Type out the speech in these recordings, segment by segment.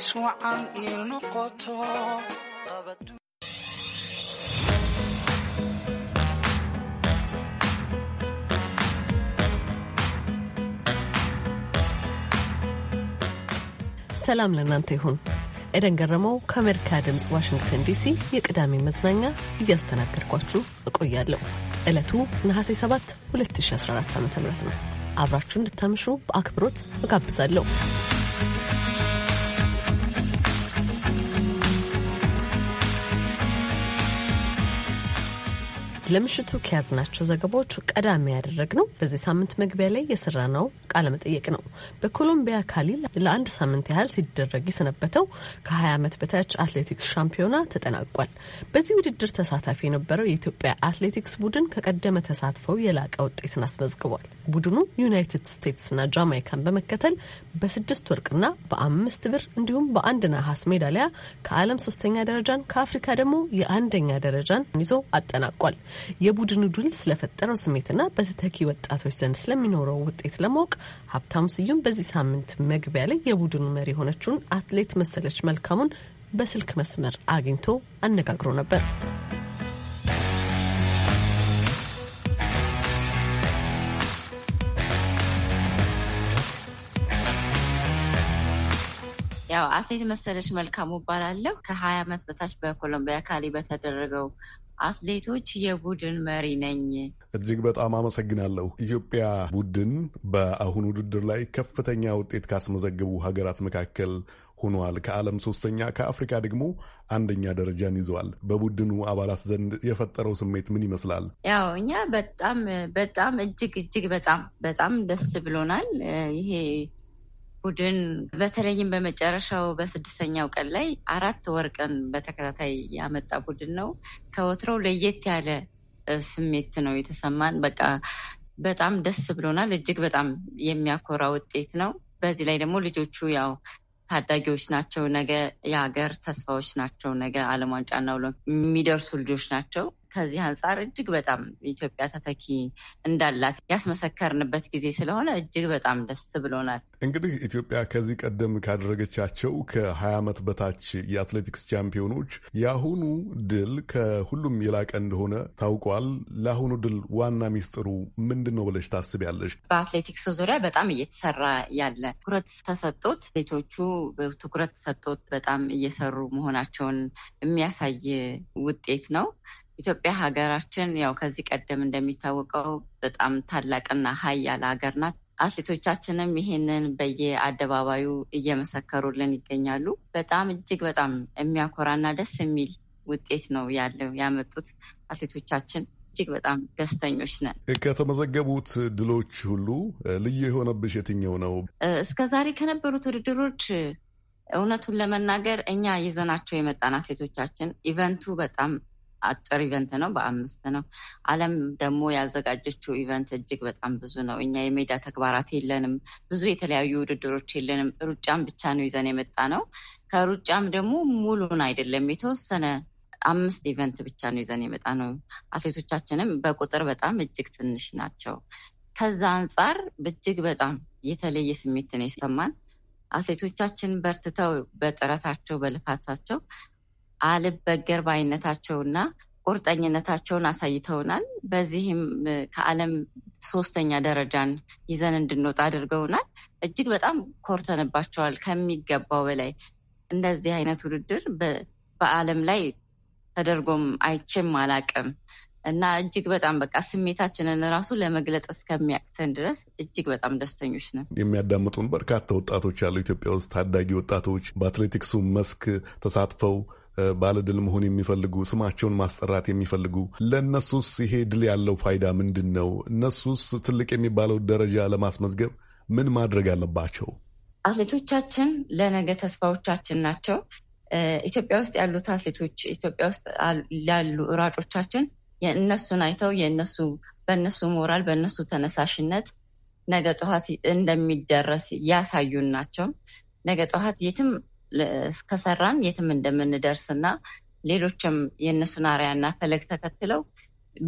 iswacan noqoto ሰላም ለእናንተ ይሁን። ኤደን ገረመው ከአሜሪካ ድምፅ ዋሽንግተን ዲሲ የቅዳሜ መዝናኛ እያስተናገድኳችሁ እቆያለሁ። ዕለቱ ነሐሴ 7 2014 ዓ ም ነው። አብራችሁ እንድታምሹ በአክብሮት እጋብዛለሁ። ለምሽቱ ከያዝናቸው ዘገባዎች ቀዳሚ ያደረግነው በዚህ ሳምንት መግቢያ ላይ የሰራነው መጠየቅ ነው። በኮሎምቢያ ካሊ ለአንድ ሳምንት ያህል ሲደረግ የሰነበተው ከ20 ዓመት በታች አትሌቲክስ ሻምፒዮና ተጠናቋል። በዚህ ውድድር ተሳታፊ የነበረው የኢትዮጵያ አትሌቲክስ ቡድን ከቀደመ ተሳትፈው የላቀ ውጤትን አስመዝግቧል። ቡድኑ ዩናይትድ ስቴትስና ጃማይካን በመከተል በስድስት ወርቅና በአምስት ብር እንዲሁም በአንድ ነሐስ ሜዳሊያ ከዓለም ሶስተኛ ደረጃን ከአፍሪካ ደግሞ የአንደኛ ደረጃን ይዞ አጠናቋል። የቡድኑ ዱል ስለፈጠረው ስሜትና በተተኪ ወጣቶች ዘንድ ስለሚኖረው ውጤት ለማወቅ ሀብታሙ ስዩም በዚህ ሳምንት መግቢያ ላይ የቡድኑ መሪ የሆነችውን አትሌት መሰለች መልካሙን በስልክ መስመር አግኝቶ አነጋግሮ ነበር። ያው አትሌት መሰለች መልካሙ እባላለሁ። ከሀያ ዓመት በታች በኮሎምቢያ ካሊ በተደረገው አትሌቶች የቡድን መሪ ነኝ። እጅግ በጣም አመሰግናለሁ። ኢትዮጵያ ቡድን በአሁኑ ውድድር ላይ ከፍተኛ ውጤት ካስመዘገቡ ሀገራት መካከል ሆኗል። ከዓለም ሶስተኛ፣ ከአፍሪካ ደግሞ አንደኛ ደረጃን ይዘዋል። በቡድኑ አባላት ዘንድ የፈጠረው ስሜት ምን ይመስላል? ያው እኛ በጣም በጣም እጅግ እጅግ በጣም በጣም ደስ ብሎናል። ይሄ ቡድን በተለይም በመጨረሻው በስድስተኛው ቀን ላይ አራት ወርቅን በተከታታይ ያመጣ ቡድን ነው። ከወትሮው ለየት ያለ ስሜት ነው የተሰማን። በቃ በጣም ደስ ብሎናል። እጅግ በጣም የሚያኮራ ውጤት ነው። በዚህ ላይ ደግሞ ልጆቹ ያው ታዳጊዎች ናቸው። ነገ የሀገር ተስፋዎች ናቸው። ነገ ዓለም ብሎ የሚደርሱ ልጆች ናቸው። ከዚህ አንጻር እጅግ በጣም ኢትዮጵያ ተተኪ እንዳላት ያስመሰከርንበት ጊዜ ስለሆነ እጅግ በጣም ደስ ብሎናል። እንግዲህ ኢትዮጵያ ከዚህ ቀደም ካደረገቻቸው ከሀያ ዓመት በታች የአትሌቲክስ ቻምፒዮኖች የአሁኑ ድል ከሁሉም የላቀ እንደሆነ ታውቋል። ለአሁኑ ድል ዋና ሚስጥሩ ምንድን ነው ብለሽ ታስቢያለሽ? በአትሌቲክስ ዙሪያ በጣም እየተሰራ ያለ ትኩረት ተሰጥቶት ሴቶቹ ትኩረት ተሰጥቶት በጣም እየሰሩ መሆናቸውን የሚያሳይ ውጤት ነው። ኢትዮጵያ ሀገራችን ያው ከዚህ ቀደም እንደሚታወቀው በጣም ታላቅና ሀያል ሀገር ናት። አትሌቶቻችንም ይህንን በየአደባባዩ እየመሰከሩልን ይገኛሉ። በጣም እጅግ በጣም የሚያኮራና ደስ የሚል ውጤት ነው ያለው ያመጡት አትሌቶቻችን። እጅግ በጣም ደስተኞች ነን። ከተመዘገቡት ድሎች ሁሉ ልዩ የሆነብሽ የትኛው ነው? እስከዛሬ ከነበሩት ውድድሮች እውነቱን ለመናገር እኛ ይዘናቸው የመጣን አትሌቶቻችን ኢቨንቱ በጣም አጭር ኢቨንት ነው፣ በአምስት ነው። አለም ደግሞ ያዘጋጀችው ኢቨንት እጅግ በጣም ብዙ ነው። እኛ የሜዳ ተግባራት የለንም፣ ብዙ የተለያዩ ውድድሮች የለንም። ሩጫም ብቻ ነው ይዘን የመጣ ነው። ከሩጫም ደግሞ ሙሉን አይደለም የተወሰነ አምስት ኢቨንት ብቻ ነው ይዘን የመጣ ነው። አትሌቶቻችንም በቁጥር በጣም እጅግ ትንሽ ናቸው። ከዛ አንጻር እጅግ በጣም የተለየ ስሜት ነው የሰማን። አትሌቶቻችን በርትተው በጥረታቸው በልፋታቸው አልበገር ባይነታቸውና ቁርጠኝነታቸውን አሳይተውናል። በዚህም ከዓለም ሶስተኛ ደረጃን ይዘን እንድንወጣ አድርገውናል። እጅግ በጣም ኮርተንባቸዋል ከሚገባው በላይ። እንደዚህ አይነት ውድድር በዓለም ላይ ተደርጎም አይቼም አላቅም እና እጅግ በጣም በቃ ስሜታችንን ራሱ ለመግለጥ እስከሚያቅተን ድረስ እጅግ በጣም ደስተኞች ነን። የሚያዳምጡን በርካታ ወጣቶች ያሉ ኢትዮጵያ ውስጥ ታዳጊ ወጣቶች በአትሌቲክሱ መስክ ተሳትፈው ባለድል መሆን የሚፈልጉ ስማቸውን ማስጠራት የሚፈልጉ ለእነሱስ ይሄ ድል ያለው ፋይዳ ምንድን ነው? እነሱስ ትልቅ የሚባለው ደረጃ ለማስመዝገብ ምን ማድረግ አለባቸው? አትሌቶቻችን ለነገ ተስፋዎቻችን ናቸው። ኢትዮጵያ ውስጥ ያሉት አትሌቶች፣ ኢትዮጵያ ውስጥ ያሉ ሯጮቻችን የእነሱን አይተው የእነሱ በእነሱ ሞራል በእነሱ ተነሳሽነት ነገ ጠዋት እንደሚደረስ ያሳዩን ናቸው። ነገ ጠዋት የትም እስከሰራን የትም እንደምንደርስ እና ሌሎችም የእነሱን አርያና ፈለግ ተከትለው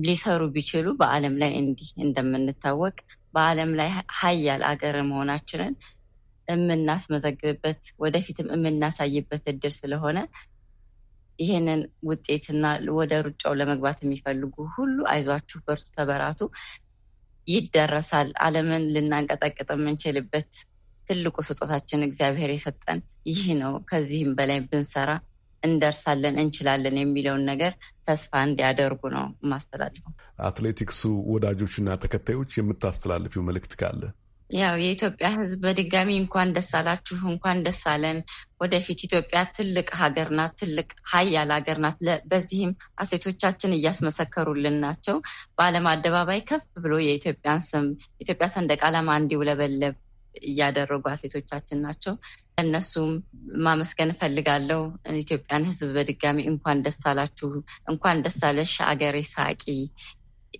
ሊሰሩ ቢችሉ በዓለም ላይ እንዲህ እንደምንታወቅ በዓለም ላይ ሀያል አገር መሆናችንን የምናስመዘግብበት ወደፊትም የምናሳይበት እድል ስለሆነ ይህንን ውጤትና ወደ ሩጫው ለመግባት የሚፈልጉ ሁሉ አይዟችሁ፣ በርቱ፣ ተበራቱ፣ ይደረሳል። ዓለምን ልናንቀጠቅጥ የምንችልበት ትልቁ ስጦታችን እግዚአብሔር የሰጠን ይህ ነው። ከዚህም በላይ ብንሰራ እንደርሳለን፣ እንችላለን የሚለውን ነገር ተስፋ እንዲያደርጉ ነው የማስተላልፈው። አትሌቲክሱ ወዳጆችና ተከታዮች የምታስተላልፊው መልእክት ካለ? ያው የኢትዮጵያ ሕዝብ በድጋሚ እንኳን ደስ አላችሁ፣ እንኳን ደስ አለን። ወደፊት ኢትዮጵያ ትልቅ ሀገር ናት፣ ትልቅ ሀያል ሀገር ናት። በዚህም አትሌቶቻችን እያስመሰከሩልን ናቸው። በዓለም አደባባይ ከፍ ብሎ የኢትዮጵያን ስም ኢትዮጵያ ሰንደቅ ዓላማ እንዲውለበለብ እያደረጉ አትሌቶቻችን ናቸው። እነሱም ማመስገን እፈልጋለሁ። ኢትዮጵያን ሕዝብ በድጋሚ እንኳን ደስ አላችሁ፣ እንኳን ደስ አለሽ አገሬ ሳቂ።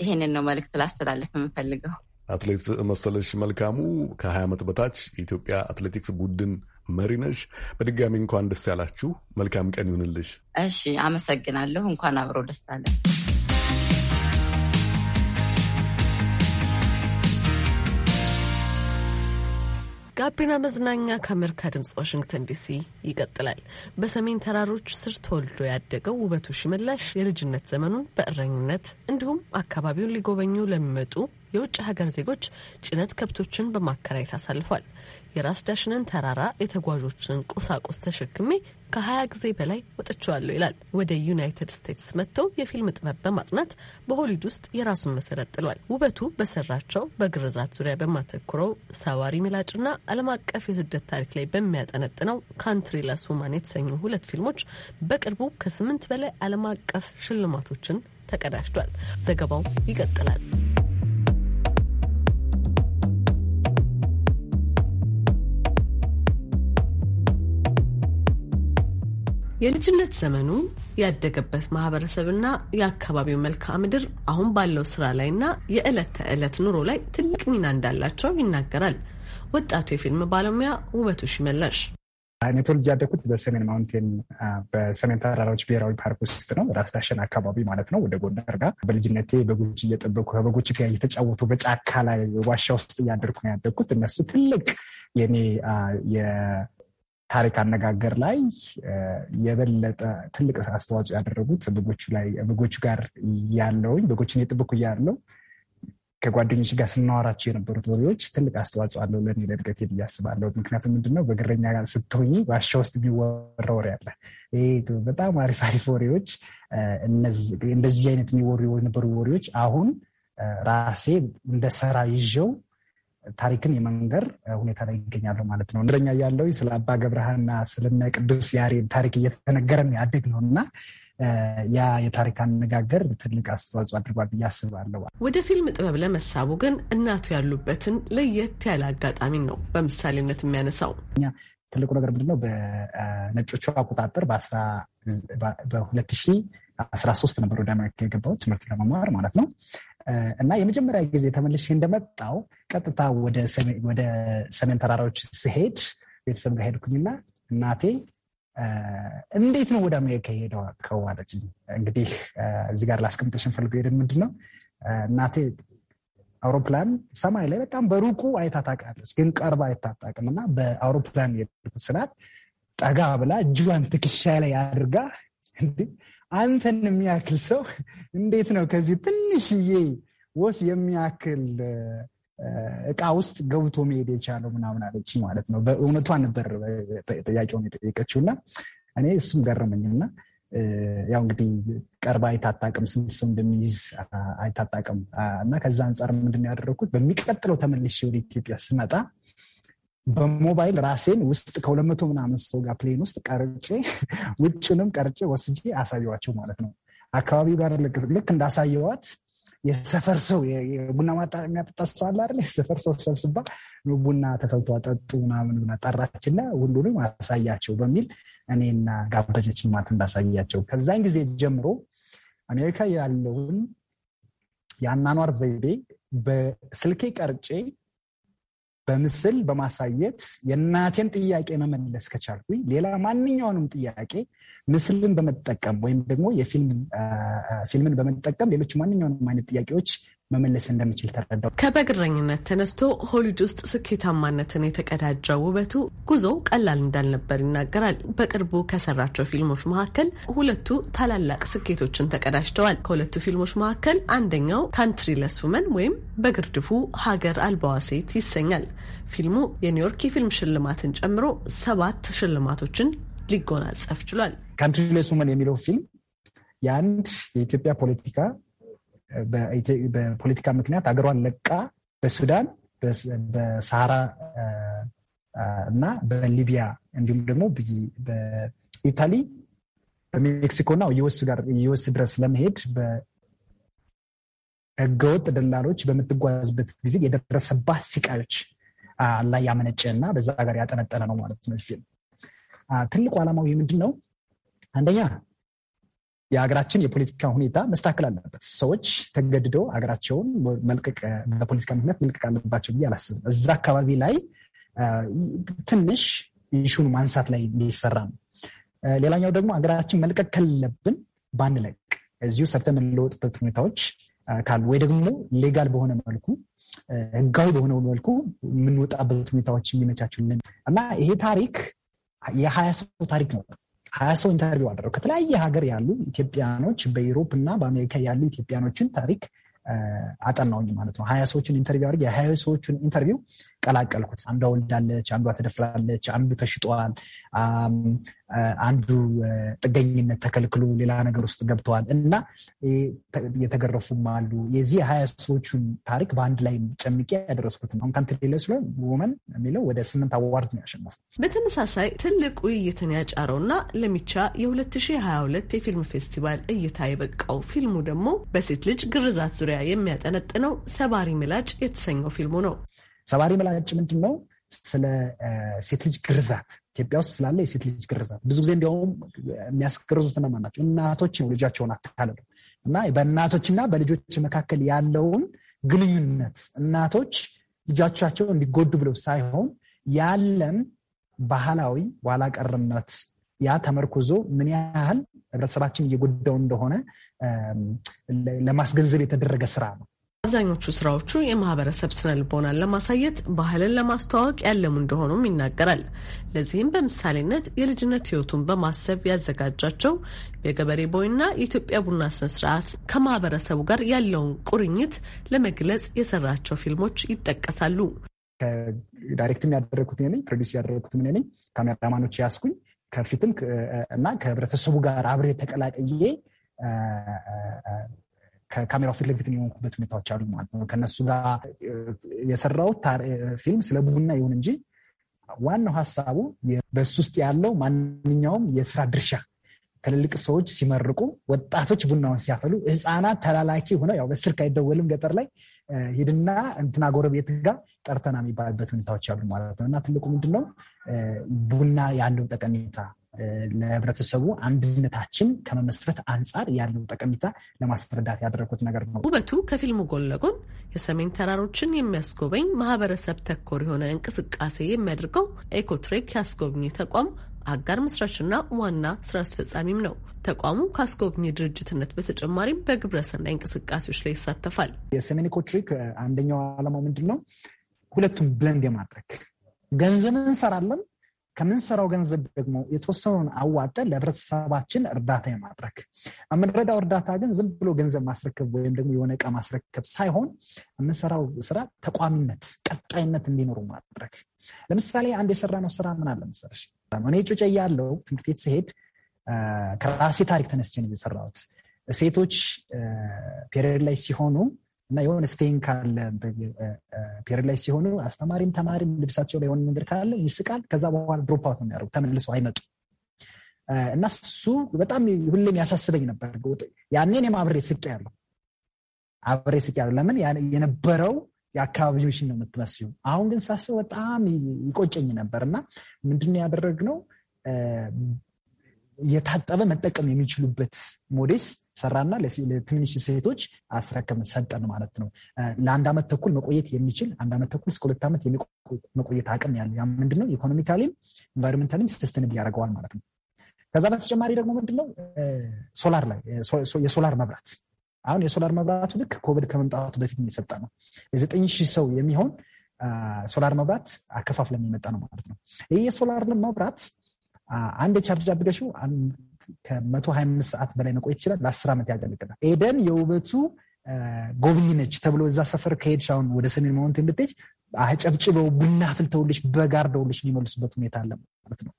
ይህንን ነው መልዕክት ላስተላለፍ የምፈልገው። አትሌት መሰለሽ መልካሙ ከ20 ዓመት በታች የኢትዮጵያ አትሌቲክስ ቡድን መሪ ነሽ። በድጋሚ እንኳን ደስ ያላችሁ። መልካም ቀን ይሁንልሽ። እሺ፣ አመሰግናለሁ። እንኳን አብሮ ደስ አለን። ጋቢና መዝናኛ ከአሜሪካ ድምፅ ዋሽንግተን ዲሲ ይቀጥላል። በሰሜን ተራሮች ስር ተወልዶ ያደገው ውበቱ ሽመላሽ የልጅነት ዘመኑን በእረኝነት እንዲሁም አካባቢውን ሊጎበኙ ለሚመጡ የውጭ ሀገር ዜጎች ጭነት ከብቶችን በማከራየት አሳልፏል። የራስ ዳሽንን ተራራ የተጓዦችን ቁሳቁስ ተሸክሜ ከ20 ጊዜ በላይ ወጥቸዋለሁ ይላል። ወደ ዩናይትድ ስቴትስ መጥተው የፊልም ጥበብ በማጥናት በሆሊድ ውስጥ የራሱን መሰረት ጥሏል። ውበቱ በሰራቸው በግርዛት ዙሪያ በማተኩረው ሰዋሪ ምላጭና ዓለም አቀፍ የስደት ታሪክ ላይ በሚያጠነጥነው ካንትሪ ለስ ውማን የተሰኙ ሁለት ፊልሞች በቅርቡ ከስምንት በላይ ዓለም አቀፍ ሽልማቶችን ተቀዳጅቷል። ዘገባው ይቀጥላል። የልጅነት ዘመኑ ያደገበት ማህበረሰብና የአካባቢው መልክዓ ምድር አሁን ባለው ስራ ላይና የዕለት ተዕለት ኑሮ ላይ ትልቅ ሚና እንዳላቸው ይናገራል ወጣቱ የፊልም ባለሙያ ውበቱ ሽመላሽ። እኔ ተወልጄ ያደግኩት በሰሜን ማውንቴን በሰሜን ተራራዎች ብሔራዊ ፓርክ ውስጥ ነው። ራስ ዳሸን አካባቢ ማለት ነው። ወደ ጎንደር ጋ። በልጅነቴ በጎች እየጠበኩ ከበጎች ጋር እየተጫወቱ በጫካ ላይ ዋሻ ውስጥ እያደርኩ ነው ያደግኩት። እነሱ ትልቅ የኔ ታሪክ አነጋገር ላይ የበለጠ ትልቅ አስተዋጽኦ ያደረጉት በጎቹ ላይ በጎቹ ጋር ያለውኝ በጎችን የጥብኩ እያለው ከጓደኞች ጋር ስናወራቸው የነበሩት ወሬዎች ትልቅ አስተዋጽኦ አለው ለእኔ ለእድገቴ ብዬ አስባለሁ። ምክንያቱም ምንድነው በግረኛ ጋር ስትሆኝ ዋሻ ውስጥ የሚወራ ወሬ አለ። በጣም አሪፍ አሪፍ ወሬዎች፣ እንደዚህ አይነት የሚወሩ የነበሩ ወሬዎች አሁን ራሴ እንደ ስራ ይዤው ታሪክን የመንገር ሁኔታ ላይ ይገኛሉ ማለት ነው። እንደኛ ያለው ስለ አባ ገብረሃና ስለና ቅዱስ ያሬድ ታሪክ እየተነገረን ያደግ ነው እና ያ የታሪክ አነጋገር ትልቅ አስተዋጽኦ አድርጓል ብዬ አስባለሁ። ወደ ፊልም ጥበብ ለመሳቡ ግን እናቱ ያሉበትን ለየት ያለ አጋጣሚ ነው በምሳሌነት የሚያነሳው። ትልቁ ነገር ምንድነው? በነጮቹ አቆጣጠር በ2013 ነበር ወደ አሜሪካ የገባው ትምህርት ለመማር ማለት ነው። እና የመጀመሪያ ጊዜ ተመልሼ እንደመጣው ቀጥታ ወደ ሰሜን ተራራዎች ስሄድ ቤተሰብ ጋር ሄድኩኝና እናቴ እንዴት ነው ወደ አሜሪካ ሄደው አለችኝ። እንግዲህ እዚህ ጋር ላስቀምጠሽ ንፈልገ ሄደን ምንድን ነው እናቴ አውሮፕላን ሰማይ ላይ በጣም በሩቁ አይታ ታውቃለች፣ ግን ቀርባ አይታጣቅም እና በአውሮፕላን የሄድኩት ስላት ጠጋ ብላ እጇን ትከሻዬ ላይ አድርጋ አንተን የሚያክል ሰው እንዴት ነው ከዚህ ትንሽዬ ወፍ የሚያክል እቃ ውስጥ ገብቶ መሄድ የቻለው ምናምን አለች ማለት ነው። በእውነቷ ነበር ጥያቄውን የጠየቀችው እና እኔ እሱም ገረመኝና ያው እንግዲህ ቀርባ አይታጣቅም ስንት ሰው እንደሚይዝ አይታጣቅም እና ከዛ አንጻር ምንድን ያደረግኩት በሚቀጥለው ተመልሼ ወደ ኢትዮጵያ ስመጣ በሞባይል ራሴን ውስጥ ከሁለት መቶ ምናምን ሰው ጋር ፕሌን ውስጥ ቀርጬ ውጭንም ቀርጬ ወስጄ አሳየዋቸው ማለት ነው። አካባቢው ጋር ልክ እንዳሳየዋት የሰፈር ሰው ቡና የሚያጠጣ ሰው አለ አይደል? የሰፈር ሰው ሰብስባ ቡና ተፈልቷ ጠጡ ምናምን ብላ ጠራችና ሁሉንም አሳያቸው በሚል እኔና ጋበዘች ማለት እንዳሳያቸው። ከዛን ጊዜ ጀምሮ አሜሪካ ያለውን የአናኗር ዘይቤ በስልኬ ቀርጬ በምስል በማሳየት የእናቴን ጥያቄ መመለስ ከቻልኩኝ ሌላ ማንኛውንም ጥያቄ ምስልን በመጠቀም ወይም ደግሞ የፊልምን በመጠቀም ሌሎች ማንኛውንም አይነት ጥያቄዎች መመለስ እንደምችል ተረዳው። ከበግረኝነት ተነስቶ ሆሊድ ውስጥ ስኬታማነትን የተቀዳጀው ውበቱ ጉዞው ቀላል እንዳልነበር ይናገራል። በቅርቡ ከሰራቸው ፊልሞች መካከል ሁለቱ ታላላቅ ስኬቶችን ተቀዳጅተዋል። ከሁለቱ ፊልሞች መካከል አንደኛው ካንትሪለስ ውመን ወይም በግርድፉ ሀገር አልባዋ ሴት ይሰኛል። ፊልሙ የኒውዮርክ የፊልም ሽልማትን ጨምሮ ሰባት ሽልማቶችን ሊጎናጸፍ ችሏል። ካንትሪለስ ውመን የሚለው ፊልም የአንድ የኢትዮጵያ ፖለቲካ በፖለቲካ ምክንያት አገሯን ለቃ በሱዳን በሰሃራ እና በሊቢያ እንዲሁም ደግሞ በኢታሊ በሜክሲኮና ዩኤስ ጋር የወስ ድረስ ለመሄድ በህገወጥ ደላሎች በምትጓዝበት ጊዜ የደረሰባት ሲቃዮች ላይ ያመነጨ እና በዛ ጋር ያጠነጠነ ነው ማለት ነው። ፊልም ትልቁ ዓላማው ምንድን ነው? አንደኛ የሀገራችን የፖለቲካ ሁኔታ መስተካከል አለበት። ሰዎች ተገድዶ ሀገራቸውን መልቀቅ በፖለቲካ ምክንያት መልቀቅ አለባቸው ብዬ አላስብም። እዛ አካባቢ ላይ ትንሽ ይሹን ማንሳት ላይ እንዲሰራ ነው። ሌላኛው ደግሞ ሀገራችን መልቀቅ ከለብን ባንለቅ እዚሁ ሰርተን የምንለወጥበት ሁኔታዎች ካሉ ወይ ደግሞ ሌጋል በሆነ መልኩ ህጋዊ በሆነ መልኩ የምንወጣበት ሁኔታዎች የሚመቻችልን እና ይሄ ታሪክ የሀያ ሰው ታሪክ ነው። ሀያ ሰው ኢንተርቪው አደረጉ። ከተለያየ ሀገር ያሉ ኢትዮጵያኖች በዩሮፕ እና በአሜሪካ ያሉ ኢትዮጵያኖችን ታሪክ አጠናውኝ ማለት ነው። ሀያ ሰዎችን ኢንተርቪው አድርግ የሀያ ሰዎችን ኢንተርቪው ቀላቀልኩት። አንዷ ወልዳለች፣ አንዷ ተደፍራለች፣ አንዱ ተሽጧል፣ አንዱ ጥገኝነት ተከልክሎ ሌላ ነገር ውስጥ ገብተዋል እና የተገረፉም አሉ። የዚህ የሀያ ሰዎቹን ታሪክ በአንድ ላይ ጨምቄ ያደረስኩት ነው። ካንት ሌለ ስለ ወመን የሚለው ወደ ስምንት አዋርድ ነው ያሸነፉ። በተመሳሳይ ትልቅ ውይይትን ያጫረው እና ለሚቻ የ2022 የፊልም ፌስቲቫል እይታ የበቃው ፊልሙ ደግሞ በሴት ልጅ ግርዛት ዙሪያ ዙሪያ የሚያጠነጥነው ሰባሪ ምላጭ የተሰኘው ፊልሙ ነው። ሰባሪ ምላጭ ምንድን ነው? ስለ ሴት ልጅ ግርዛት ኢትዮጵያ ውስጥ ስላለ የሴት ልጅ ግርዛት ብዙ ጊዜ እንዲያውም የሚያስገርዙት እነማን ናቸው? እናቶች ነው ልጃቸውን አታለሉ እና በእናቶችና በልጆች መካከል ያለውን ግንኙነት እናቶች ልጆቻቸው እንዲጎዱ ብለው ሳይሆን ያለን ባህላዊ ኋላ ቀርነት ያ ተመርኩዞ ምን ያህል ህብረተሰባችን እየጎዳው እንደሆነ ለማስገንዘብ የተደረገ ስራ ነው። አብዛኞቹ ስራዎቹ የማህበረሰብ ስነ ልቦናን ለማሳየት ባህልን ለማስተዋወቅ ያለሙ እንደሆኑም ይናገራል። ለዚህም በምሳሌነት የልጅነት ህይወቱን በማሰብ ያዘጋጃቸው የገበሬ ቦይና የኢትዮጵያ ቡና ስነ ስርዓት ከማህበረሰቡ ጋር ያለውን ቁርኝት ለመግለጽ የሰራቸው ፊልሞች ይጠቀሳሉ። ዳይሬክትም ያደረግኩት ነኝ፣ ፕሮዲስ ያደረግኩት ነኝ፣ ካሜራማኖች ያስኩኝ ከፊትም እና ከህብረተሰቡ ጋር አብሬ ተቀላቀዬ ከካሜራው ፊት ለፊት የሆንኩበት ሁኔታዎች አሉ ማለት ነው። ከነሱ ጋር የሰራሁት ፊልም ስለ ቡና ይሁን እንጂ ዋናው ሀሳቡ በሱ ውስጥ ያለው ማንኛውም የስራ ድርሻ ትልልቅ ሰዎች ሲመርቁ፣ ወጣቶች ቡናውን ሲያፈሉ፣ ህፃናት ተላላኪ ሆነው ያው በስልክ አይደወልም ገጠር ላይ ሂድና እንትና ጎረቤት ጋር ጠርተና የሚባልበት ሁኔታዎች አሉ ማለት ነው። እና ትልቁ ምንድነው ቡና ያለው ጠቀሜታ ለህብረተሰቡ አንድነታችን ከመመስረት አንጻር ያለው ጠቀሜታ ለማስረዳት ያደረጉት ነገር ነው። ውበቱ ከፊልሙ ጎን ለጎን የሰሜን ተራሮችን የሚያስጎበኝ ማህበረሰብ ተኮር የሆነ እንቅስቃሴ የሚያደርገው ኤኮትሬክ ያስጎብኝ ተቋም አጋር መስራችና ዋና ስራ አስፈጻሚም ነው። ተቋሙ ከአስጎብኚ ድርጅትነት በተጨማሪም በግብረሰናይ እንቅስቃሴዎች ላይ ይሳተፋል። የሰሜኒኮ ትሪክ አንደኛው ዓላማው ምንድን ነው? ሁለቱም ብለንድ የማድረግ ገንዘብ እንሰራለን፣ ከምንሰራው ገንዘብ ደግሞ የተወሰኑን አዋጠን ለህብረተሰባችን እርዳታ የማድረግ የምንረዳው እርዳታ ግን ዝም ብሎ ገንዘብ ማስረከብ ወይም ደግሞ የሆነ ዕቃ ማስረከብ ሳይሆን የምንሰራው ስራ ተቋሚነት፣ ቀጣይነት እንዲኖሩ ማድረግ። ለምሳሌ አንድ የሰራነው ስራ ምን አለ መሰለሽ፣ እኔ ጩጬ እያለሁ ትምህርት ቤት ስሄድ ከራሴ ታሪክ ተነስቼ ነው የሰራሁት። ሴቶች ፔሪድ ላይ ሲሆኑ እና የሆነ ስቴን ካለ ፔሪድ ላይ ሲሆኑ አስተማሪም ተማሪም ልብሳቸው ላይ የሆነ ነገር ካለ ይስቃል። ከዛ በኋላ ድሮፕ አውት ነው የሚያደርጉ ተመልሰው አይመጡ እና እሱ በጣም ሁሌም ያሳስበኝ ነበር። ያኔን የማብሬ ስቅ ያለሁ አብሬ ስቅ ያለሁ ለምን የነበረው የአካባቢዎችን ነው የምትመስዩ። አሁን ግን ሳስብ በጣም ይቆጨኝ ነበር እና ምንድን ነው የታጠበ መጠቀም የሚችሉበት ሞዴስ ሰራና ለትንንሽ ሴቶች አስረከብን ሰጠን ማለት ነው። ለአንድ ዓመት ተኩል መቆየት የሚችል አንድ ዓመት ተኩል እስከ ሁለት ዓመት መቆየት አቅም ያለ ያ ምንድነው ኢኮኖሚካሊም ኢንቫይሮንሜንታሊም ሰስተንብል ያደርገዋል ማለት ነው። ከዛ በተጨማሪ ደግሞ ምንድነው ሶላር ላይ የሶላር መብራት አሁን የሶላር መብራቱ ልክ ኮቪድ ከመምጣቱ በፊት የሰጠ ነው። የዘጠኝ ሺህ ሰው የሚሆን ሶላር መብራት አከፋፍለን የመጣ ነው ማለት ነው። ይህ የሶላር መብራት አንድ የቻርጅ አፕሊኬሽኑ ከ125 ሰዓት በላይ መቆየት ይችላል። ለአስር ዓመት ያገለግላል። ኤደን የውበቱ ጎብኝ ነች ተብሎ እዛ ሰፈር ከሄድሽ አሁን ወደ ሰሜን ማውንት ብትሄጅ አጨብጭበው ቡና አፍልተውልሽ በጋርደውልሽ የሚመልሱበት ሁኔታ አለ ማለት ነው።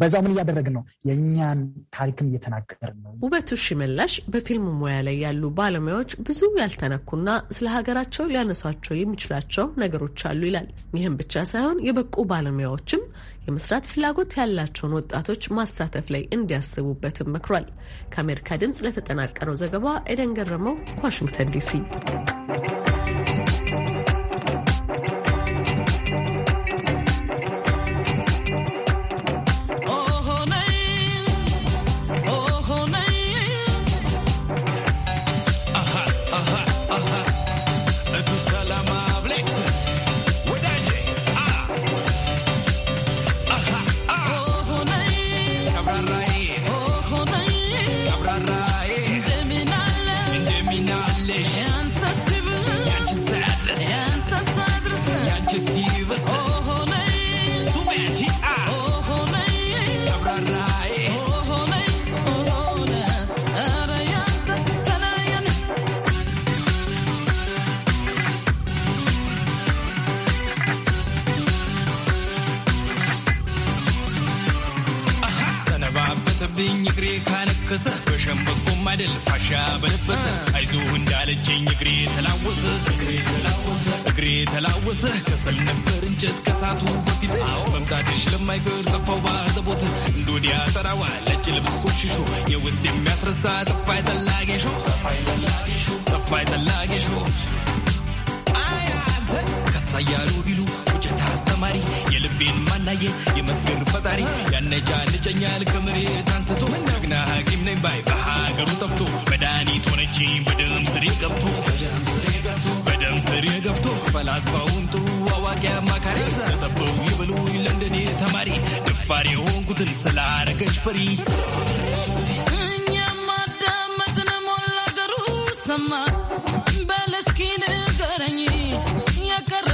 በዛው ምን እያደረግን ነው? የእኛን ታሪክም እየተናገርን ነው። ውበቱ ሽመላሽ በፊልም ሙያ ላይ ያሉ ባለሙያዎች ብዙ ያልተነኩና ስለ ሀገራቸው ሊያነሷቸው የሚችላቸው ነገሮች አሉ ይላል። ይህም ብቻ ሳይሆን የበቁ ባለሙያዎችም የመስራት ፍላጎት ያላቸውን ወጣቶች ማሳተፍ ላይ እንዲያስቡበትም መክሯል። ከአሜሪካ ድምፅ ለተጠናቀረው ዘገባ ኤደን ገረመው ከዋሽንግተን ዲሲ ደርሰህ ከሰል ነበር እንጨት ከሳቱ በፊት መምጣትሽ ለማይቀር ጠፋው ባዘቦት እንዶዲያ ጠራዋ ለጭ ልብስ ቆሽሾ የውስጥ የሚያስረሳ ጠፋይ ጠላጌሾ ጠፋይ ጠላጌሾ አያንተ ከሳ እያሉ ቢሉ ቁጨት አስተማሪ የልቤን ማናየ የመስገር ፈጣሪ ያነጃ ንጨኛል ከመሬት አንስቶ ግና ሐኪም ነኝ ባይ በሀገሩ ጠፍቶ መድኃኒት ሆነችኝ በደም ስሬ ገብቶ ስሬ ገብቶ ፈላስፋውን ጥሩ አዋቂ አማካሪ ተጠበው ይበሉ ለንደኔ ተማሪ ደፋሪ የሆንኩትን ስላረገች ፈሪ እኛ አዳመጥን ሞላ ገሩ ሰማ በለስኪ ንገረኝ የቀረ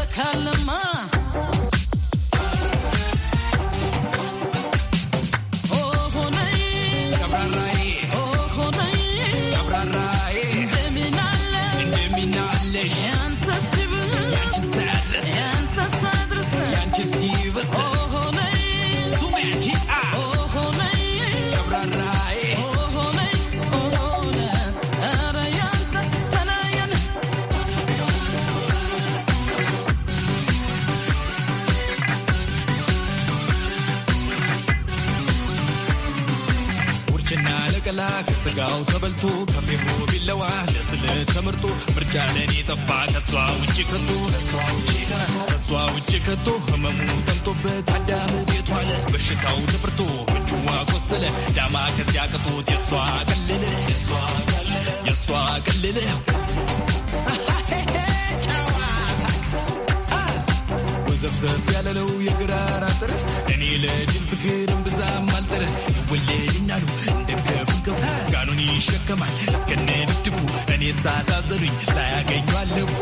ከስጋው ተበልቶ ከፌሮ ቢለዋ ለስል ተመርጦ ምርጫ ለኔ ጠፋ ከሷ ውጭ ከቶ ከሷ ውጭ ከቶ ህመሙ ጠንቶበት አዳም ቤት በሽታው ተፍርቶ ምቹዋ ቆሰለ ዳማ ከዚያ ቅጦት የሷ ቀልል የሷ ቀልል ዘብዘብ ያለለው የግራር አጥር እኔ ለጅል ፍቅር እምብዛም አልጥር ይወለድናሉ ይልቀው ጋኑን ይሸከማል እስከነ ድፍድፉ እኔ ሳሳዘኑኝ ላያገኙ አለፉ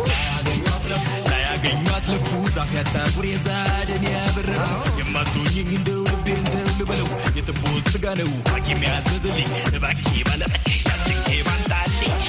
ላያገኙ አትለፉ ዛፍ ያጣ ጉሬ ዛደን ያበረረው የማቶኝኝ እንደው ልቤን ተው ልበለው የጥቦት ስጋ ነው ሐኪም ያዘዘልኝ እባኬ ባለጠ ያችን ባንጣልኝ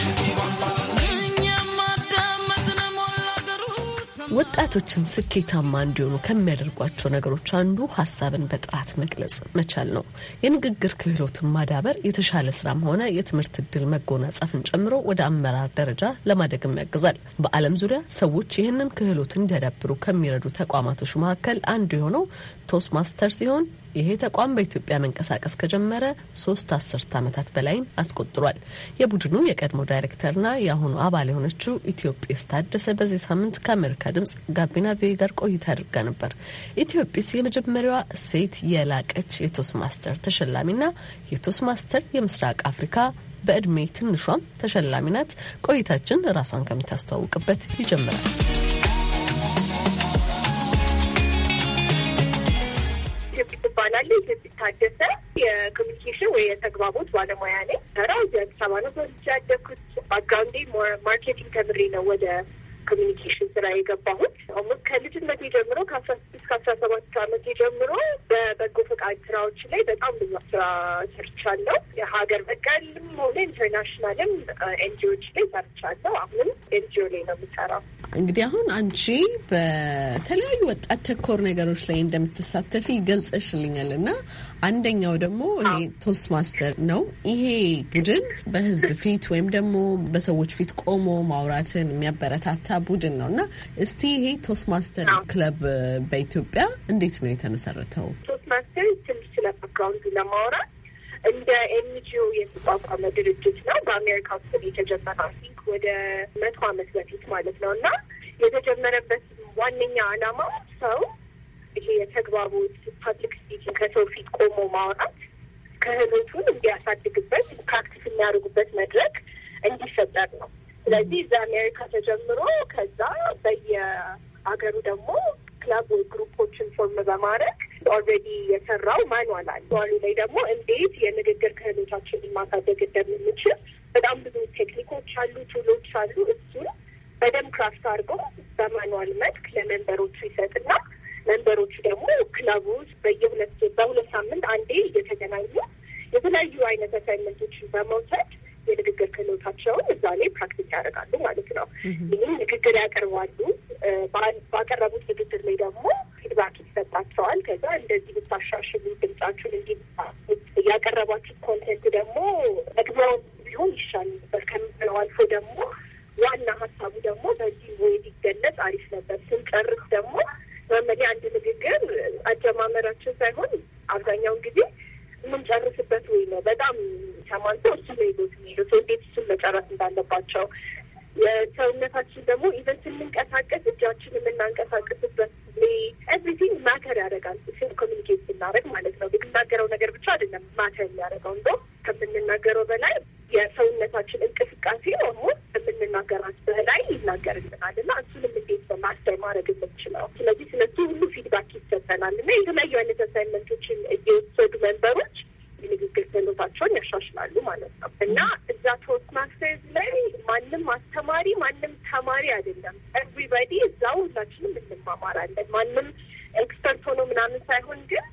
ወጣቶችን ስኬታማ እንዲሆኑ ከሚያደርጓቸው ነገሮች አንዱ ሀሳብን በጥራት መግለጽ መቻል ነው። የንግግር ክህሎትን ማዳበር የተሻለ ስራም ሆነ የትምህርት እድል መጎናጸፍን ጨምሮ ወደ አመራር ደረጃ ለማደግም ያግዛል። በዓለም ዙሪያ ሰዎች ይህንን ክህሎት እንዲያዳብሩ ከሚረዱ ተቋማቶች መካከል አንዱ የሆነው ቶስ ማስተር ሲሆን ይሄ ተቋም በኢትዮጵያ መንቀሳቀስ ከጀመረ ሶስት አስርት ዓመታት በላይም አስቆጥሯል። የቡድኑ የቀድሞ ዳይሬክተርና የአሁኑ አባል የሆነችው ኢትዮጵስ ታደሰ በዚህ ሳምንት ከአሜሪካ ድምጽ ጋቢና ቪ ጋር ቆይታ አድርጋ ነበር። ኢትዮጵስ የመጀመሪያዋ ሴት የላቀች የቶስ ማስተር ተሸላሚና የቶስ ማስተር የምስራቅ አፍሪካ በእድሜ ትንሿም ተሸላሚ ናት። ቆይታችን ራሷን ከምታስተዋውቅበት ይጀምራል። ይባላል። ኢትዮጵ ታደሰ የኮሚኒኬሽን ወይ የተግባቦት ባለሙያ ነኝ። ራ እዚህ አዲስ አበባ ነው በልጅ ያደኩት። ባክግራውንዴ ማርኬቲንግ ተምሬ ነው ወደ ኮሚኒኬሽን ስራ የገባሁት ኦልሞስት ከልጅነት ጀምሮ ከአስራ ስድስት ከአስራ ሰባት አመት ጀምሮ በበጎ ፈቃድ ስራዎች ላይ በጣም ብዙ ስራ ሰርቻለሁ። የሀገር በቀልም ሆነ ኢንተርናሽናልም ኤንጂኦች ላይ ሰርቻለሁ። አሁንም ኤንጂኦ ላይ ነው የምሰራው። እንግዲህ አሁን አንቺ በተለያዩ ወጣት ተኮር ነገሮች ላይ እንደምትሳተፊ ገልጸሽልኛል እና አንደኛው ደግሞ ቶስት ማስተር ነው። ይሄ ቡድን በህዝብ ፊት ወይም ደግሞ በሰዎች ፊት ቆሞ ማውራትን የሚያበረታታ ቡድን ነው እና እስቲ ይሄ ቶስት ማስተር ክለብ በኢትዮጵያ እንዴት ነው የተመሰረተው? ቶስት ማስተር ትንሽ ስለ ባክግራውንዱ ለማውራት እንደ ኤንጂኦ የተቋቋመ ድርጅት ነው። በአሜሪካ ውስጥ የተጀመረ ቲንክ ወደ መቶ ዓመት በፊት ማለት ነው እና የተጀመረበት ዋነኛ አላማው ሰው ይሄ የተግባቦት ፓብሊክ ስፒኪንግ ከሰው ፊት ቆሞ ማውራት ክህሎቱን እንዲያሳድግበት ፕራክቲስ የሚያደርጉበት መድረክ እንዲፈጠር ነው። ስለዚህ እዛ አሜሪካ ተጀምሮ ከዛ በየአገሩ ደግሞ ክለብ ወይ ግሩፖችን ፎርም በማድረግ ኦልሬዲ የሰራው ማንዋል አለ። ዋሉ ላይ ደግሞ እንዴት የንግግር ክህሎታችንን ማሳደግ እንደምንችል በጣም ብዙ ቴክኒኮች አሉ፣ ቱሎች አሉ። እሱን በደንብ ክራፍት አድርገው በማንዋል መልክ ለመንበሮቹ ይሰጥና መንበሮቹ ደግሞ ክለቡ ውስጥ በየሁለት በሁለት ሳምንት አንዴ እየተገናኙ የተለያዩ አይነት አሳይመንቶችን በመውሰድ የንግግር ክህሎታቸውን እዛ ላይ ፕራክቲስ ያደርጋሉ ማለት ነው። ይህም ንግግር ያቀርባሉ። ባቀረቡት ንግግር ላይ ደግሞ ፊድባክ ይሰጣቸዋል። ከዛ እንደዚህ ብታሻሽሉ፣ ድምጻችሁን እንዲ ያቀረባችሁት ኮንቴንት ደግሞ መግቢያው ቢሆን ይሻል ነበር ከምንለው አልፎ ደግሞ ዋና ሀሳቡ ደግሞ በዚህ ወይ ሊገለጽ አሪፍ ነበር። ስንጨርስ ደግሞ መመሪያ አንድ ንግግር አጀማመራችን ሳይሆን አብዛኛውን ጊዜ የምንጨርስበት ወይ ነው። በጣም ሰማን እሱ ነው ይዞት የሚሄዱት እንዴት እሱን መጨረስ እንዳለባቸው የሰውነታችን ደግሞ ኢቨን ስንንቀሳቀስ እጃችን የምናንቀሳቀስበት ኤቭሪቲንግ ማተር ያደርጋል። ሴል ኮሚኒኬት ስናደርግ ማለት ነው። የምናገረው ነገር ብቻ አይደለም ማተር የሚያደርገው እንደ ከምንናገረው በላይ የሰውነታችን እንቅስቃሴ ሆን የምንናገራት በላይ ይናገርልናል እና እሱንም እንዴት በማስተር ማድረግ የምንችለው። ስለዚህ ስለሱ ሁሉ ፊድባክ ይሰጠናል እና የተለያዩ አይነት አሳይመንቶችን እየወሰዱ መንበሮች የንግግር ክህሎታቸውን ያሻሽላሉ ማለት ነው እና እዛ ቶስት ማስተርስ ላይ ማንም አስተማሪ ማንም ተማሪ አይደለም። ኤቭሪባዲ እዛ ሁላችንም እንማማራለን። ማንም ኤክስፐርት ሆኖ ምናምን ሳይሆን ግን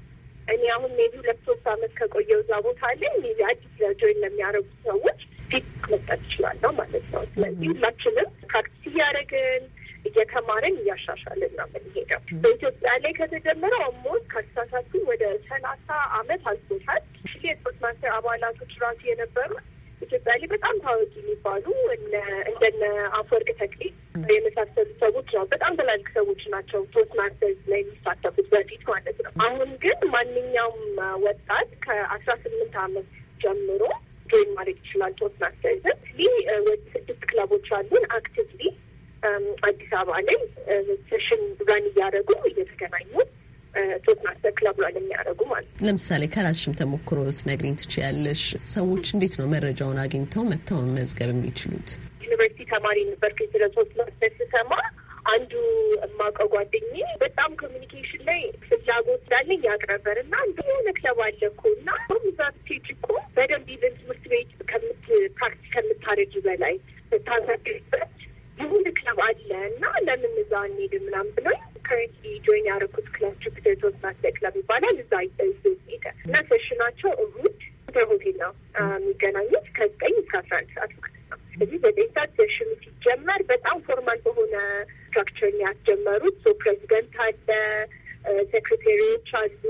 እኔ አሁን ሜቢ ሁለት ሶስት አመት ከቆየው እዛ ቦታ ላይ ሜቢ አዲስ ጆይን ለሚያደረጉ ሰዎች ፊት መጣት ይችላለሁ ማለት ነው። ስለዚህ ሁላችንም ፕራክቲስ እያደረግን እየተማረን እያሻሻልን ነው የምንሄደው። በኢትዮጵያ ላይ ከተጀመረ ኦልሞስት ከአስተሳሳችን ወደ ሰላሳ አመት አልፎታል። ሽሌ የጦር ማሰር አባላቶች ራሱ የነበሩት ኢትዮጵያ ላይ በጣም ታዋቂ የሚባሉ እንደነ አፈወርቅ ተክሌ የመሳሰሉ ሰዎች ነው። በጣም ትላልቅ ሰዎች ናቸው ቶስት ማስተርስ ላይ የሚሳተፉት በፊት ማለት ነው። አሁን ግን ማንኛውም ወጣት ከአስራ ስምንት አመት ጀምሮ ጆይን ማድረግ ይችላል ቶስት ማስተርስን። ወደ ስድስት ክለቦች አሉን አክቲቭሊ አዲስ አበባ ላይ ሴሽን ራን እያደረጉ እየተገናኙ ጡት ማሰር ክለብ ላይ የሚያደርጉ ማለት ነው። ለምሳሌ ከራስሽም ተሞክሮ ስነግሪኝ ትችያለሽ። ሰዎች እንዴት ነው መረጃውን አግኝተው መጥተው መመዝገብ የሚችሉት? ዩኒቨርሲቲ ተማሪ ነበርክ። ስለ ጡት ማሰር ስሰማ አንዱ የማውቀው ጓደኛ በጣም ኮሚኒኬሽን ላይ ፍላጎት እንዳለኝ ያቅረበር እና እንደ የሆነ ክለብ አለ እኮ እና እዛ ብትሄጂ እኮ በደንብ ይዘን ትምህርት ቤት ከምት ፕራክቲስ ከምታረጅ በላይ ታሳድበት የሆነ ክለብ አለ እና ለምን እዛ እንሄድ ምናምን ብሎኝ ከረንትሊ ጆይን ያደረኩት ክላቸው ክተቶት ማስለቅ ለሚባላል እዛ ሄደ እና ሴሽናቸው እሁድ በሆቴል ነው የሚገናኙት ከዘጠኝ እስከ አስራ አንድ ሰዓት ማለት ነው። እዚህ ዘጠኝ ሰዓት ሴሽኑ ሲጀመር በጣም ፎርማል በሆነ ስትራክቸር ያስጀመሩት ሶ ፕሬዚደንት አለ፣ ሴክሬታሪዎች አሉ፣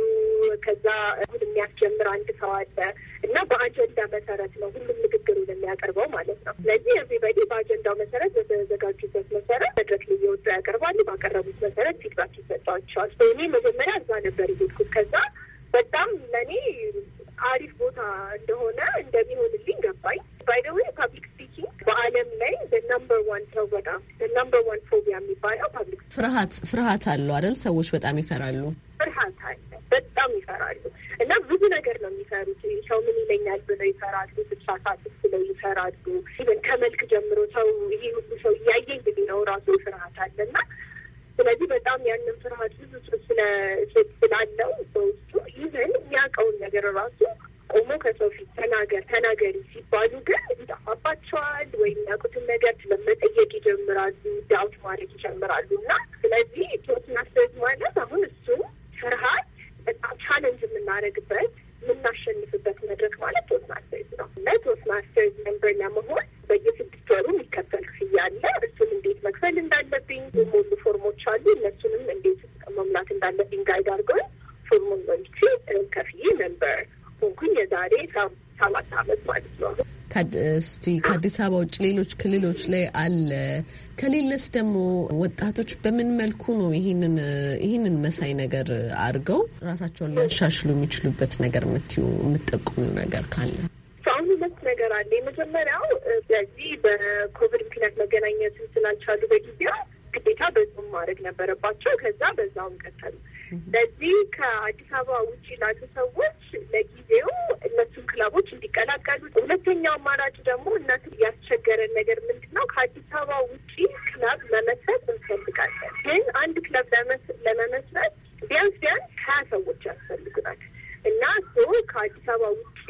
ከዛ ሁን የሚያስጀምር አንድ ሰው አለ እና በአጀንዳ መሰረት ነው ሁሉም ንግግሩን የሚያቀርበው ማለት ነው። ስለዚህ ኤቭሪበዲ በአጀንዳው መሰረት በተዘጋጁበት አስተያየታቸው ያቀርባሉ። ባቀረቡት መሰረት ፊድባክ ይሰጧቸዋል። እኔ መጀመሪያ እዛ ነበር የሄድኩት። ከዛ በጣም ለእኔ አሪፍ ቦታ እንደሆነ እንደሚሆንልኝ ገባኝ። ባይደዌ ፓብሊክ ስፒኪንግ በዓለም ላይ በናምበር ዋን ሰው በጣም በናምበር ዋን ፎቢያ የሚባለው ፓብሊክ ፍርሃት ፍርሃት አለው አይደል? ሰዎች በጣም ይፈራሉ። ብለው ይፈራሉ፣ ስትሳሳት ብለው ይሰራሉ። ኢቨን ከመልክ ጀምሮ ሰው ይሄ ሁሉ ሰው እያየ እንግዲህ ነው ራሱ ፍርሀት አለና ስለዚህ በጣም ያንን ፍርሀት ብዙ ስላለው በውስጡ ይዘን የሚያውቀውን ነገር ራሱ ቆሞ ከሰው ፊት ተናገር ተናገሪ ሲባሉ ግን ይጠፋባቸዋል ወይም ያውቁትን ነገር ስለመጠየቅ ይጀምራሉ፣ ዳውት ማድረግ ይጀምራሉ። እና ስለዚህ ቶት ማስተዝ ማለት አሁን እሱ ፍርሀት በጣም ቻለንጅ የምናደርግበት የምናሸንፍበት መድረክ ማለት መደበኛ መሆን በየስድስት ወሩ የሚከፈል ክፍያ አለ። እሱን እንዴት መክፈል እንዳለብኝ የሞሉ ፎርሞች አሉ። እነሱንም እንዴት መሙላት እንዳለብኝ ጋይድ አድርገን ፎርሙን መልቼ ከፍዬ መንበር ሆንኩኝ። የዛሬ ሰባት አመት ማለት ነው። እስቲ ከአዲስ አበባ ውጭ ሌሎች ክልሎች ላይ አለ? ከሌለስ ደግሞ ወጣቶች በምን መልኩ ነው ይህንን ይህንን መሳይ ነገር አድርገው ራሳቸውን ሊያሻሽሉ የሚችሉበት ነገር የምትጠቁሚው ነገር ካለ ነገር አለ። የመጀመሪያው በዚህ በኮቪድ ምክንያት መገናኘት ስላልቻሉ በጊዜው ግዴታ በዙም ማድረግ ነበረባቸው። ከዛ በዛውም ቀጠሉ። ለዚህ ከአዲስ አበባ ውጭ ላሉ ሰዎች ለጊዜው እነሱን ክለቦች እንዲቀላቀሉ፣ ሁለተኛው አማራጭ ደግሞ እናት ያስቸገረን ነገር ምንድን ነው? ከአዲስ አበባ ውጭ ክለብ መመስረት እንፈልጋለን፣ ግን አንድ ክለብ ለመመስረት ቢያንስ ቢያንስ ሀያ ሰዎች ያስፈልጉናል። እና እሱ ከአዲስ አበባ ውጭ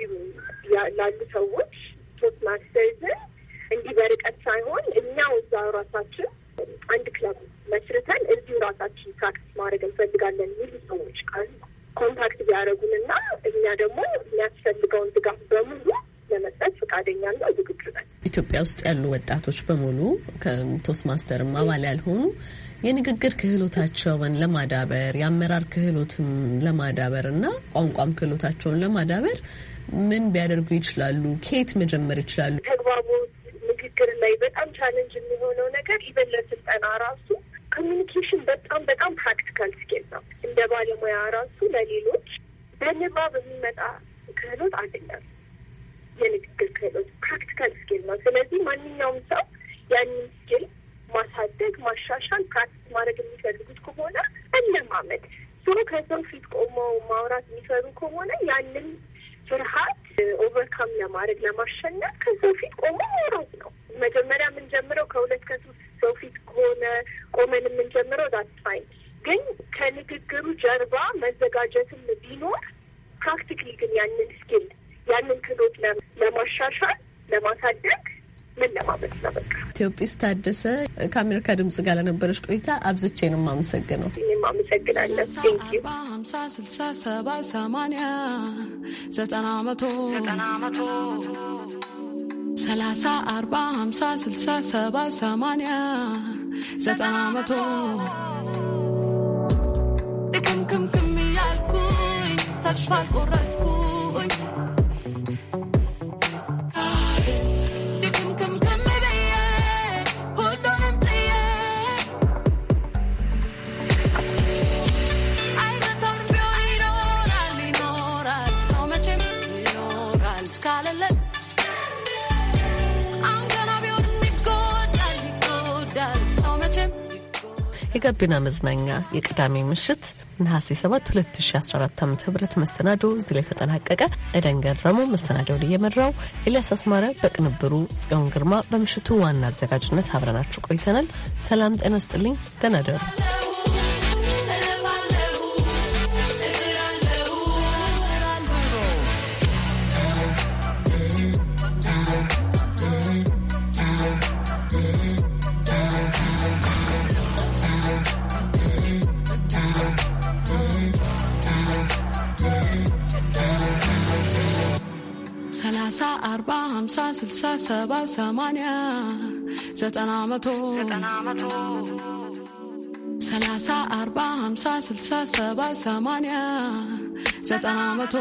ላሉ ሰዎች ፖስት ማስተርዝን እንዲህ በርቀት ሳይሆን እኛው እዛ ራሳችን አንድ ክለብ መስርተን እዚሁ ራሳችን ፕራክቲስ ማድረግ እንፈልጋለን የሚሉ ሰዎች ካሉ ኮንታክት ቢያደረጉን እና እኛ ደግሞ የሚያስፈልገውን ድጋፍ በሙሉ ለመስጠት ፈቃደኛ ነው፣ ዝግጁ ነን። ኢትዮጵያ ውስጥ ያሉ ወጣቶች በሙሉ ከቶስ ማስተርም አባል ያልሆኑ የንግግር ክህሎታቸውን ለማዳበር የአመራር ክህሎትም ለማዳበር እና ቋንቋም ክህሎታቸውን ለማዳበር ምን ቢያደርጉ ይችላሉ? ከየት መጀመር ይችላሉ? ተግባቦት፣ ንግግር ላይ በጣም ቻለንጅ የሚሆነው ነገር ኢቨን ለስልጠና ራሱ ኮሚኒኬሽን በጣም በጣም ፕራክቲካል ስኪል ነው። እንደ ባለሙያ ራሱ ለሌሎች በንባብ የሚመጣ ክህሎት አይደለም። የንግግር ክህሎት ፕራክቲካል ስኪል ነው። ስለዚህ ማንኛውም ሰው ያንን ስኬል ማሳደግ፣ ማሻሻል፣ ፕራክቲስ ማድረግ የሚፈልጉት ከሆነ እንለማመድ። ሶ ከሰው ፊት ቆመው ማውራት የሚፈሩ ከሆነ ያንን ፍርሃት ኦቨርካም ለማድረግ ለማሸነፍ ከሰው ፊት ቆሞ ማውራት ነው። መጀመሪያ የምንጀምረው ከሁለት ከሶስት ሰው ፊት ከሆነ ቆመን የምንጀምረው ዳት ግን ከንግግሩ ጀርባ መዘጋጀትም ቢኖር ፕራክቲካሊ ግን ያንን ስኪል ያንን ክህሎት ለማሻሻል ለማሳደግ መለማመድ ነው በቃ። ኢትዮጵስ ታደሰ ከአሜሪካ ድምጽ ጋር ለነበረች ቆይታ አብዝቼ ነው የማመሰግነው። እኔም ሀምሳ ስልሳ ሰባ ሰማንያ ዘጠና መቶ ሰላሳ አርባ ሀምሳ ስልሳ ሰባ ሰማንያ ዘጠና መቶ እያልኩኝ ተስፋ የጋቢና መዝናኛ የቅዳሜ ምሽት ነሐሴ 7 2014 ዓ ም መሰናዶ እዚህ ላይ ተጠናቀቀ። ኤደን ገረሙ መሰናዶውን እየመራው፣ ኤልያስ አስማረ በቅንብሩ፣ ጽዮን ግርማ በምሽቱ ዋና አዘጋጅነት አብረናችሁ ቆይተናል። ሰላም ጤና ስጥልኝ። ደህና ደሩ። ሃምሳ ስልሳ ሰባ ሰማንያ ዘጠና መቶ ሰላሳ አርባ ሃምሳ ስልሳ ሰባ ሰማንያ ዘጠና መቶ